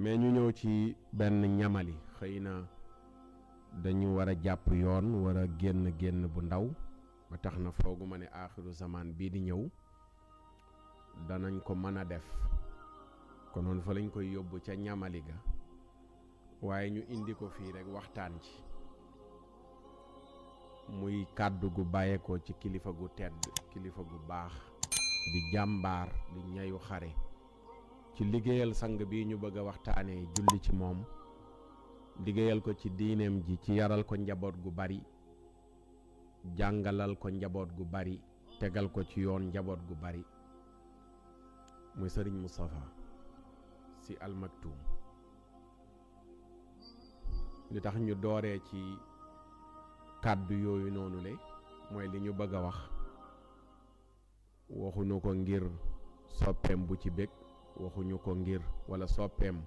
mais ñu ñëw ci benn ñamali xëy na dañu war a jàpp yoon wara a génn génn bu ndaw ba tax na fooguma ne aaxiru zamaan bii di ñëw danañ ko mën a def konoon fa lañ koy yóbbu ca ñamali ga waaye ñu indi ko fii rekk waxtaan ci muy kàddu gu bàyyeekoo ci kilifa gu tedd kilifa gu baax di jàmbaar di ñayu xare ci liggéeyal sang bii ñu bëgg a waxtaane julli ci moom liggéeyal ko ci diineem ji ci yaral ko njaboot gu bari jàngalal ko njaboot gu bari tegal ko ci yoon njaboot gu bari muy sëriñ Moustapha Sy Al Maktoum li tax ñu doore ci kàddu yooyu noonu le mooy li ñu bëgg a wax waxuñu ko ngir soppeem bu ci bég waxuñu ko ngir wala soppeem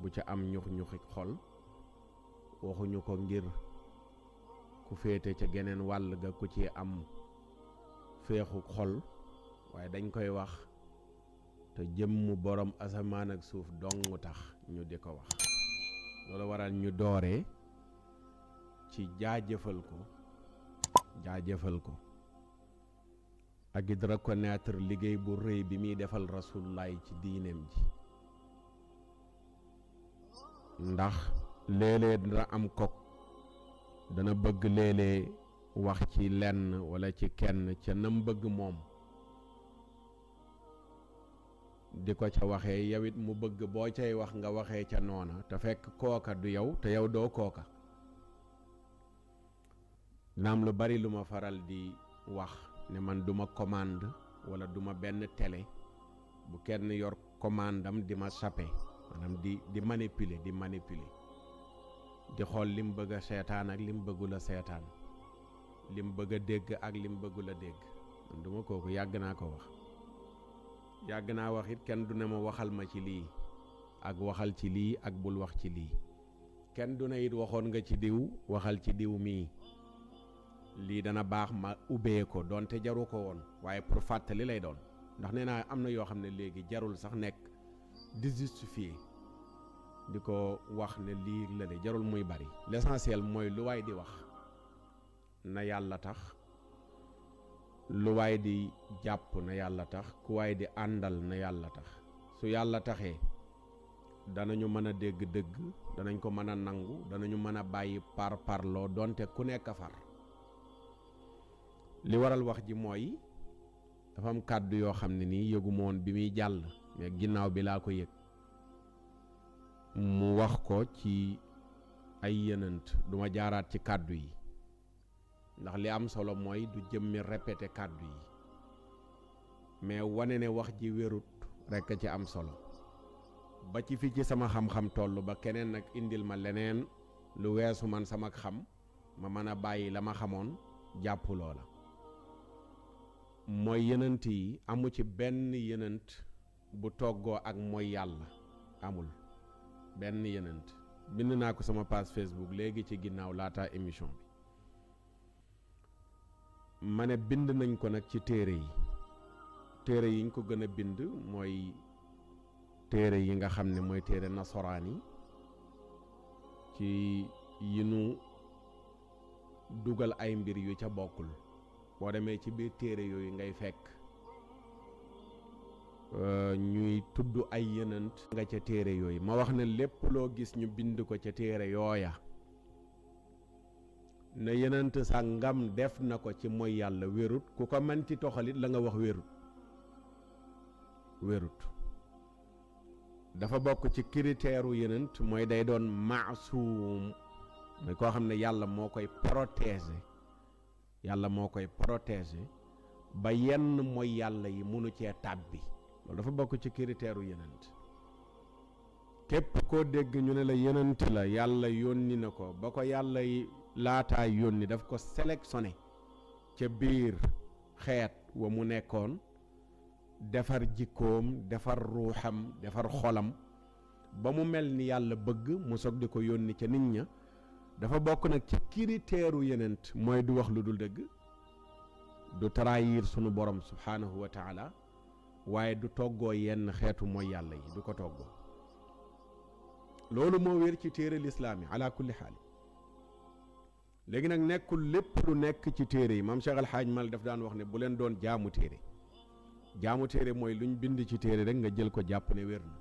bu ca am ñux ñuxi xol waxuñu ko ngir ku féete ca geneen wàll ga ku ci am féexu xol waaye dañ koy wax te jëmm borom asamaan ak suuf dong tax ñu di ko wax loolu waral ñu doore ci jaajëfal ko jaajëfal ko ak it reconnaître liggéey bu réy bi muy defal rasulullah ci diineem ji ndax léeg dana am kok dana bëgg léeg wax ci lenn walla ci kenn ca nam bëgg moom di ko ca waxee yow it mu bëgg boo cay wax nga waxee ca noona te fekk kooka du yow te yow doo kooka naam lu bari lu ma faral di wax ne man duma commande wala duma benn tele bu kenn yor commande di ma sape maanaam di di manipule di manipuler di xool lim bëgg a seetaan ak lim bëggul a seetaan lim bëgg a dégg ak lim bëggul a dégg man duma kooku yàgg naa ko wax yàgg naa waxit kenn du ne ma waxal ma ci lii ak waxal ci lii ak bul wax ci lii kenn du ne it waxoon nga ci diw waxal ci diw mii lii dana baax ma ubbee ko donte jaru ko woon waaye pour fàttali lay doon ndax nee naa am na yoo xam ne léegi jarul sax nekk di justifier di ko wax ne lii la de jarul muy bari l'essentiel mooy lu waay di wax na yàlla tax lu waay di jàpp na yàlla tax ku waay di àndal na yàlla tax su yàlla taxee danañu mën a dégg dëgg danañ ko mën a nangu danañu mën a bàyyi par parloo donte ku nekk far li waral wax ji mooy dafa am kàddu yoo xam ne nii yëgu bi muy jàll mais ginnaaw bi laa ko yëg mu wax ko ci ay yenant duma jaaraat ci kàddu yi ndax li am solo mooy du jëmmi répété kàddu yi mais wane ne wax ji wérut rekk ci am solo ba ci fi ci sama xam-xam toll ba keneen nag indil ma leneen lu weesu man sama xam ma mën a bàyyi la ma xamoon jàpp loola mooy yenent yi amu ci benn yenent bu toggoo ak mooy yàlla amul benn yenent bind naa ko sama page Facebook léegi ci ginnaaw laata émission bi ma ne bind nañ ko nag ci téere yi téere yiñ ko gën a bind mooy téere yi nga xam ni mooy téere nasoraan yi ci yi nu dugal ay mbir yu ca bokkul boo demee ci biir téere yooyu ngay fekk euh, ñuy tudd ay yenant nga ca téere yooyu ma wax na lépp loo gis ñu bind ko ca téere yooya na yenant sa ngam def na ko ci mooy yàlla wérut ku ko ci toxalit la nga wax wérut wérut dafa bokk ci kiriteeru yenant mooy day doon maasuum mooy koo xam ne yàlla moo koy protéger yàlla moo koy protéger ba yenn mooy yàlla yi munu cee tàbbi loolu dafa bokk ci critère u yenent képp koo dégg ñu ne la yenent la yàlla yónni ne ko ba ko yàlla yi laataay yónni daf ko sélectionné ca biir xeet wa mu nekkoon defar jikkoom defar ruuxam defar xolam ba mu mel ni yàlla bëgg mu soog di ko yónni ca nit ña dafa bokk nag ci kiriteeru yenent mooy du wax lu dul dëgg du trahir sunu borom subhaanahu wa taala waaye du toggoo yenn xeetu mooy yàlla yi du ko toggoo loolu moo wér ci téere lislaam yi ala kulli xaal léegi nag nekkul lépp lu nekk ci téere yi mam Cheikh Alxaaj Mal daf daan wax ne bu leen doon jaamu téere jaamu téere mooy luñ bind ci téere rek nga jël ko jàpp ne wér na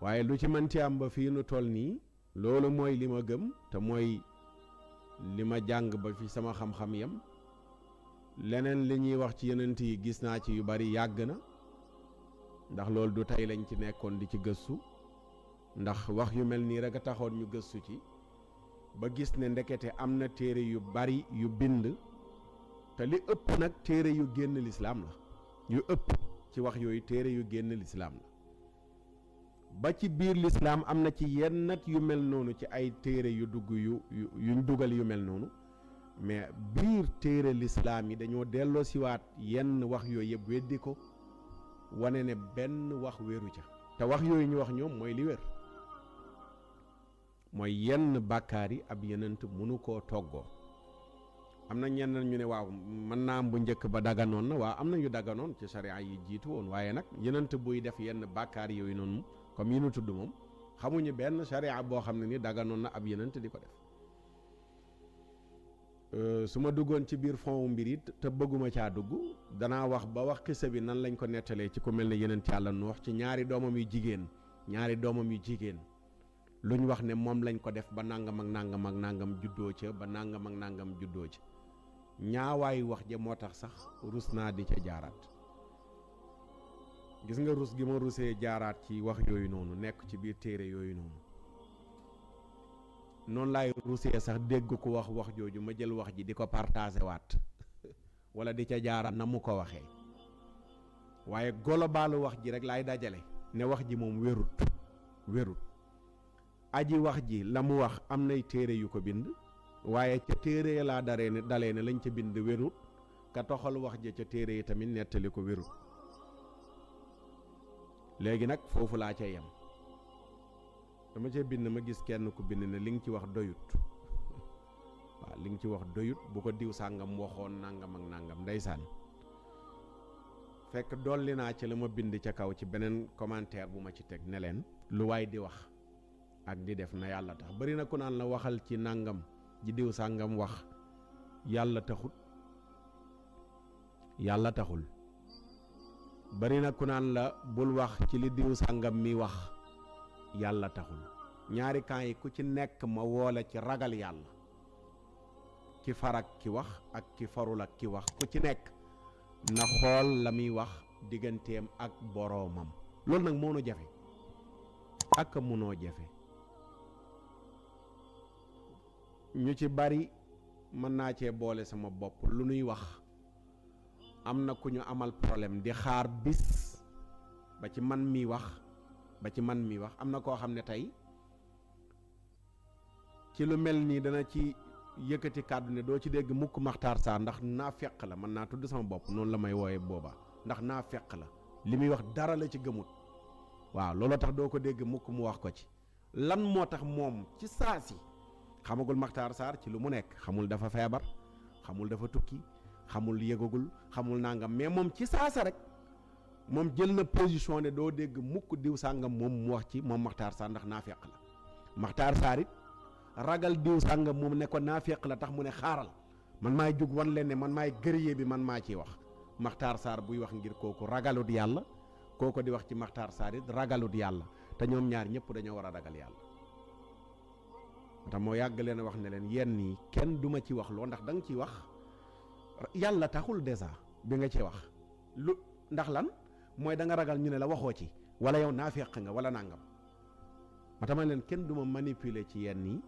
waaye lu ci manti ba fii nu toll nii loolu mooy li ma gëm te mooy li ma jàng ba fi sama xam-xam yam leneen li ñuy wax ci yenent yi gis naa ci yu bari yàgg na ndax loolu du tey lañ ci nekkoon di ci gëstu ndax wax yu mel nii rek a taxoon ñu gëstu ci ba gis ne ndekete am na téere yu bari yu bind te li ëpp nag téere yu génn lislaam la yu ëpp ci wax yooyu téere yu génn lislaam la ba ci biir lislaam am na ci yennat yu mel noonu ci ay téere yu dugg yu yuñ dugal yu mel noonu mais biir téere lislaam yi dañoo delloo yenn wax yooyu yëpp weddi ko wane ne benn wax wéru ca te wax yooyu ñu wax ñoom mooy li wér mooy yenn bàkkaar yi ab yenent mënu koo toggoo am na ñenn ñu ne waaw mën naa am bu njëkk ba dagganoon na waa am na ñu dagganoon ci sariya yi jiitu woon waaye nag yenent buy def yenn bàkkaar yooyu noonu comme yi nu tudd moom xamuñu benn sharia boo xam ne ni daganoon na ab yenent di ko def euh, su ma duggoon ci biir fond mbir yi te bëgguma caa dugg danaa wax ba wax xisa bi nan lañ ko nettalee ci ku mel ne yenent yàlla nu wax ci ñaari doomam yu jigéen ñaari doomam yu jigéen luñ wax ne moom lañ ko def ba nangam ak nangam ak nangam juddoo ca ba nàngam ak nangam juddoo ca ñaawaayu wax ja moo tax sax rus naa di ca jaaraat gis nga rus gi ma rusee jaaraat ci wax yooyu noonu nekk ci biir téere yooyu noonu noonu laay rusee sax dégg ko wax wax jooju ma jël wax ji di ko partagé waat wala di ca jaaraat na mu ko waxee waaye global wax ji rek laay dajale ne wax ji moom wérut wérut aji wax ji la mu wax am nay téere yu ko bind waaye ca téere laa daree ne dalee ne lañ ca bind wérut ka toxal wax ji ca téere yi tamit nettali ko wérut léegi nag foofu laa ca yem dama cee bind ma gis kenn ku bind ne li nga ci wax doyut waaw li nga ci wax doyut bu ko diw sàngam waxoon nangam ak nangam ndeysaan fekk dolli naa ci la ma bind ca kaw ci beneen commentaire bu ma ci teg ne leen lu waaye di wax ak di def na yàlla tax bari na ku naan la waxal ci nàngam ji diw sàngam wax yàlla taxut yàlla taxul bari na ku naan la bul wax ci li diw sàngam mi wax yàlla taxul ñaari camp yi ku ci nekk ma woole ci ragal yàlla ki far ak ki wax ak ki farul ki wax ku ci nekk na xool la muy wax digganteem ak boroomam loolu nag moonu jafe ak mënoo jafe ñu ci bari mën naa cee boole sama bopp lu nuy wax am na ku ñu amal problème di xaar bis ba ci man mi wax ba ci man mi wax am na koo xam ne tey ci lu mel nii dana ci yëkkati kàddu ne doo ci dégg mukk maxtar saa ndax naa feq la mën naa tudd sama bopp noonu la may wooye booba ndax naa feq la li muy wax dara la ci gëmut waaw looloo tax doo ko dégg mukk mu wax ko ci lan moo tax moom ci saa si xamagul maxtaar saar ci lu mu nekk xamul dafa feebar xamul dafa tukki xamul yégagul xamul nangam mais moom ci saasa rek moom jël na position ne doo dégg mukk diw sàngam moom mu wax ci moom Makhtar Sarr ndax naa feq la Makhtar Sarr it ragal diw sàngam moom ne ko naa feq la tax mu ne xaaral man maay jug wan leen ne man maay gërëyee bi man maa ciy wax maxtaar saar buy wax ngir kooku ragalut yàlla kooku di wax ci Makhtar Sarr it ragalut yàlla te ñoom ñaar ñëpp dañoo war a ragal yàlla te moo yàgg leen a wax ne leen yenn yi kenn ci wax loo ndax da ciy wax yàlla taxul dèjà bi nga ci wax lu ndax lan mooy da nga ragal ñu ne la waxoo ci wala yow naa naafeq nga wala nangam ma tama leen kenn du ma manipuler ci yenn yi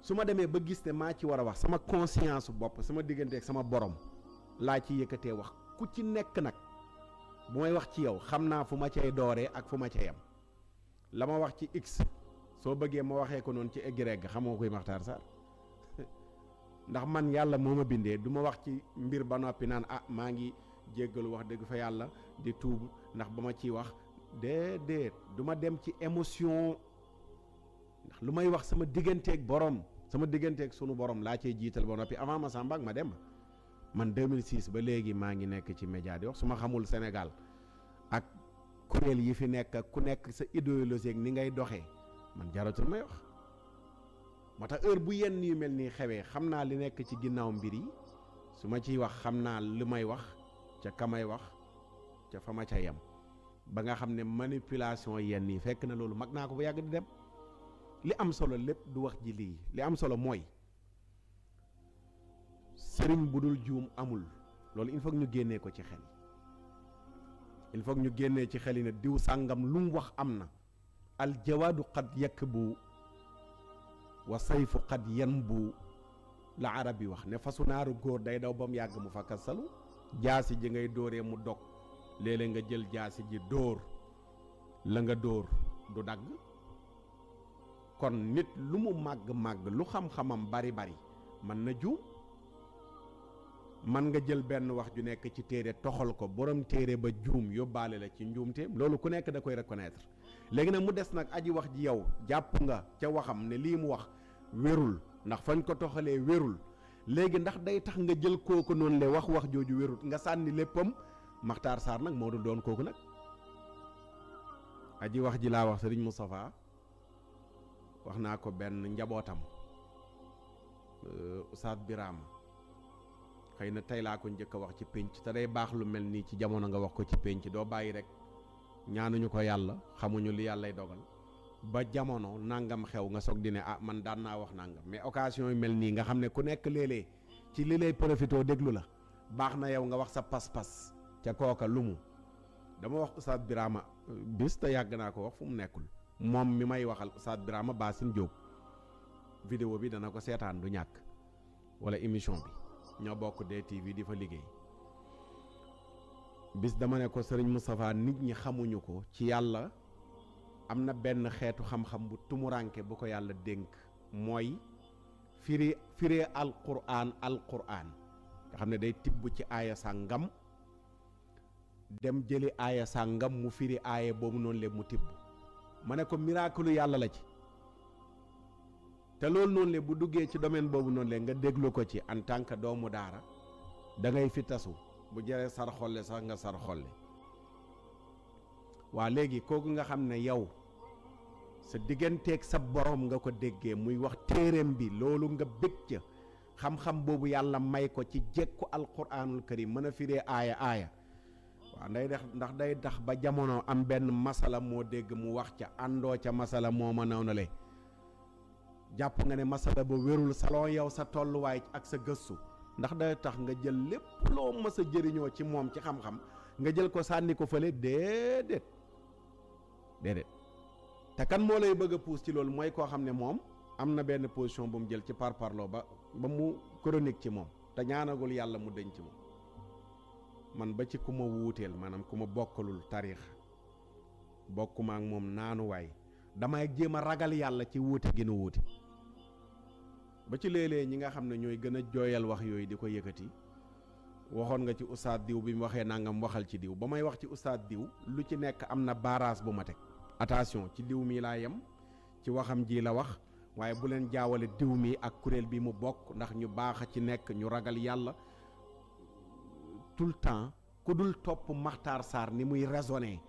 su ma demee ba gis ne maa ci war a wax sama conscience bopp sama diggante ak sama borom laa ci yëkkatee wax ku ci nekk nag mooy wax ci yow xam naa fu ma cay dooree ak fu ma ci am la ma wax ci x soo bëggee ma waxee ko noonu ci egg rek xamoo koy Maxtaar Sarr ndax man yàlla moo ma bindee du ma wax ci mbir ba noppi naan ah maa ngi jéggalu wax dëgg fa yàlla di tuub ndax ba ma ciy wax déedéet du dem ci émotion ndax lu may wax sama digganteeg borom sama digganteeg sunu borom laa cee jiital ba noppi avant ma Samba ak ma dem man 2006 ba léegi maa ngi nekk ci média di wax su ma xamul Sénégal ak kuréel yi fi nekk ku nekk sa idéologie ni ngay doxee man jaratul may wax. moo tax heure bu yenn yu mel nii xewee xam naa li nekk ci ginnaaw mbir yi su ma ciy wax xam naa lu may wax ca ka may wax ca fa ca yem ba nga xam ne manipulation yenn yi fekk na loolu mag naa ko bu yàgg di dem li am solo lépp du wax ji lii li am solo mooy sëriñ bu dul juum amul loolu il faut ñu génnee ko ci xel il faut ñu génnee ci xel yi ne diw sàngam lu mu wax am na aljawaadu xat yekk bu wa sayfu xat yan bu la arab yi wax ne fasu naaru góor day daw ba mu yàgg mu fa kasalu jaasi ji ngay dóoree mu dog léeg nga jël jaasi ji dóor la nga dóor du dagg kon nit lu mu màgg màgg lu xam-xamam bari bari mën na juum man nga jël benn wax ju nekk ci téere toxal ko boroom téere ba juum yóbbaale la ci njuumteem loolu ku nekk da koy rek reconnaître léegi nag mu des nag aji wax ji yow jàpp nga ca waxam ne lii mu wax wérul ndax fañ ko toxalee wérul léegi ndax day tax nga jël kooku noonu le wax wax jooju wérut nga sànni léppam Maxtaar Sarr nag moo du doon kooku nag aji wax ji laa wax Sëriñ Moustapha wax naa ko benn njabootam euh, Oustaz biraam xëy na tey laa ko njëkk a wax ci pénc te day baax lu mel nii ci jamono nga wax ko ci pénc doo bàyyi rek ñaanuñu ko yàlla xamuñu li yàllay dogal ba jamono nangam xew nga soog di ne ah man daan naa wax nangam mais occasion yu mel nii nga xam ne ku nekk léeg ci li lay profité déglu la baax na yow nga wax sa pas-pas ca kooka lu mu dama wax Oustaz Birama bis te yàgg naa ko wax fu mu nekkul moom mi may waxal Oustaz baa Bassine Diop vidéo bi dana ko seetaan du ñàkk wala émission bi ñoo bokk DTV di fa liggéey bis dama ne ko sëriñ Moustapha nit ñi xamuñu ko ci yàlla am na benn xeetu xam-xam bu tumuraanke bu ko yàlla dénk mooy firi firee alquran alquran nga xam ne day tibb ci aaya sàngam dem jëli aaya sàngam mu firi aaya boobu noonu leen mu tibb ma ne ko miraakulu yàlla la ci te loolu noonu le bu duggee ci domaine boobu noon le nga déglu ko ci en tant que doomu daara da ngay fi tasu bu jëree sar sax nga sar waa léegi kooku nga xam ne yow sa digganteeg sa boroom nga ko déggee muy wax téereem bi loolu nga bëgg ca xam-xam boobu yàlla may ko ci jekku alquranul karim mën a firee aaya aaya waaw nday dex ndax day tax ba jamono am benn masala moo dégg mu wax ca àndoo ca masala moo ma naw na jàpp nga ne masala ba wérul salon yow sa tolluwaay ak sa gëstu ndax day tax nga jël lépp loo mës a ci moom ci xam-xam nga jël ko sànni ko fële déedéet déedéet te kan moo lay bëgg a puus ci loolu mooy koo xam ne moom am na benn position bu mu jël ci par parloo ba ba mu chronique ci moom te ñaanagul yàlla mu denc moom man ba ci ku ma wuuteel maanaam ku ma bokkalul tariix bokkuma ak moom naanuwaay damay jéem a ragal yàlla ci wuute gi nu wuute ba ci léeg-léeg ñi nga xam ne ñooy gën a jooyal wax yooyu di ko yëkkati waxoon nga ci ustaad diw bi mu waxee nangam waxal ci diw ba may wax ci ustaad diw lu ci nekk am na baaraas bu ma teg attention ci diw mii laa yem ci waxam ji la wax waaye bu leen jaawale diw mii ak kuréel bi mu bokk ndax ñu baax a ci nekk ñu ragal yàlla tout le temps ku dul topp Maxtaar Sarr ni muy raisonné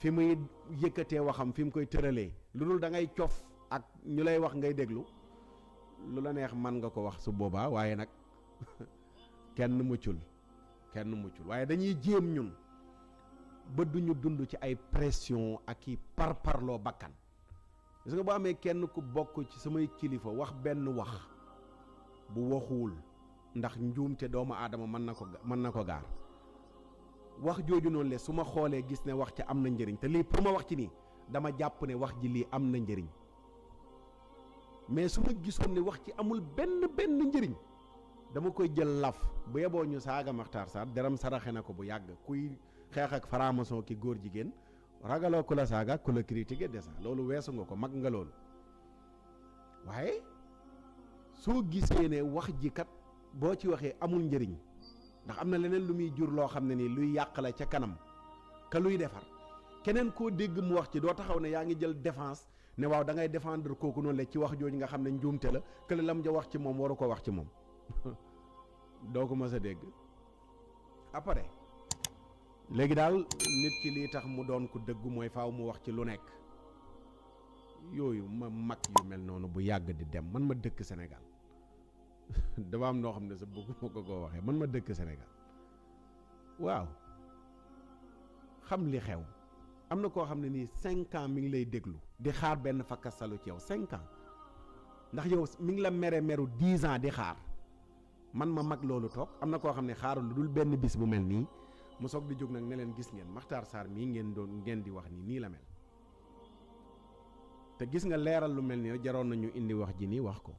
fi muy yëkkatee waxam fi mu koy tëralee lu dul da ngay cof ak ñu lay wax ngay déglu lu la neex man nga ko wax su boobaa waaye nag kenn muccul kenn muccul waaye dañuy jéem ñun ba duñu dund ci ay pression ak i parparloo bakkan parce que boo amee kenn ku bokk ci samay kilifa wax benn wax bu waxuwul ndax te doomu aadama mën na ko mën na ko gaar wax jooju noonu le su ma xoolee gis ne wax ca am na njëriñ te lii pour ma wax ci nii dama jàpp ne wax ji lii am na njëriñ mais su ma gisoon ne wax ci amul benn benn njëriñ dama koy jël laf bu yeboo ñu saaga Maxtaar Sarr deram saraxe na ko bu yàgg kuy xeex ak faramason ki góor jigéen ragaloo ku la saaga ku la critiquer de loolu weesu nga ko mag nga loolu waaye soo gisee ne wax ji kat boo ci waxee amul njëriñ ndax am na leneen lu muy jur loo xam ne nii luy yàq la ca kanam ka luy defar keneen koo dégg mu wax ci doo taxaw ne yaa ngi jël défense ne waaw dangay ngay kooku noonu la ci wax jooju nga xam ne njuumte la kële lam ja wax ci moom waru ko wax ci moom doo ko ma a dégg après léegi daal nit ki lii tax mu doon ko dëggu mooy faaw mu wax ci lu nekk yooyu ma mag yu mel noonu bu yàgg di dem man ma dëkk Sénégal dafa am noo xam ne sa bëgguma ko ko waxee man ma dëkk Sénégal waaw xam li xew am na koo xam ne nii cinq mi ngi lay déglu di xaar benn fakkasalu ci yow cinq ndax yow mi ngi la mere meru dix ans di xaar man ma mag loolu toog am na koo xam ne xaarul lu dul benn bis bu mel nii mu soog di jóg nag ne leen gis ngeen Makhtar saar mii ngeen doon ngeen di wax nii nii la mel te gis nga leeral lu mel nii jaroon nañu indi wax ji nii wax ko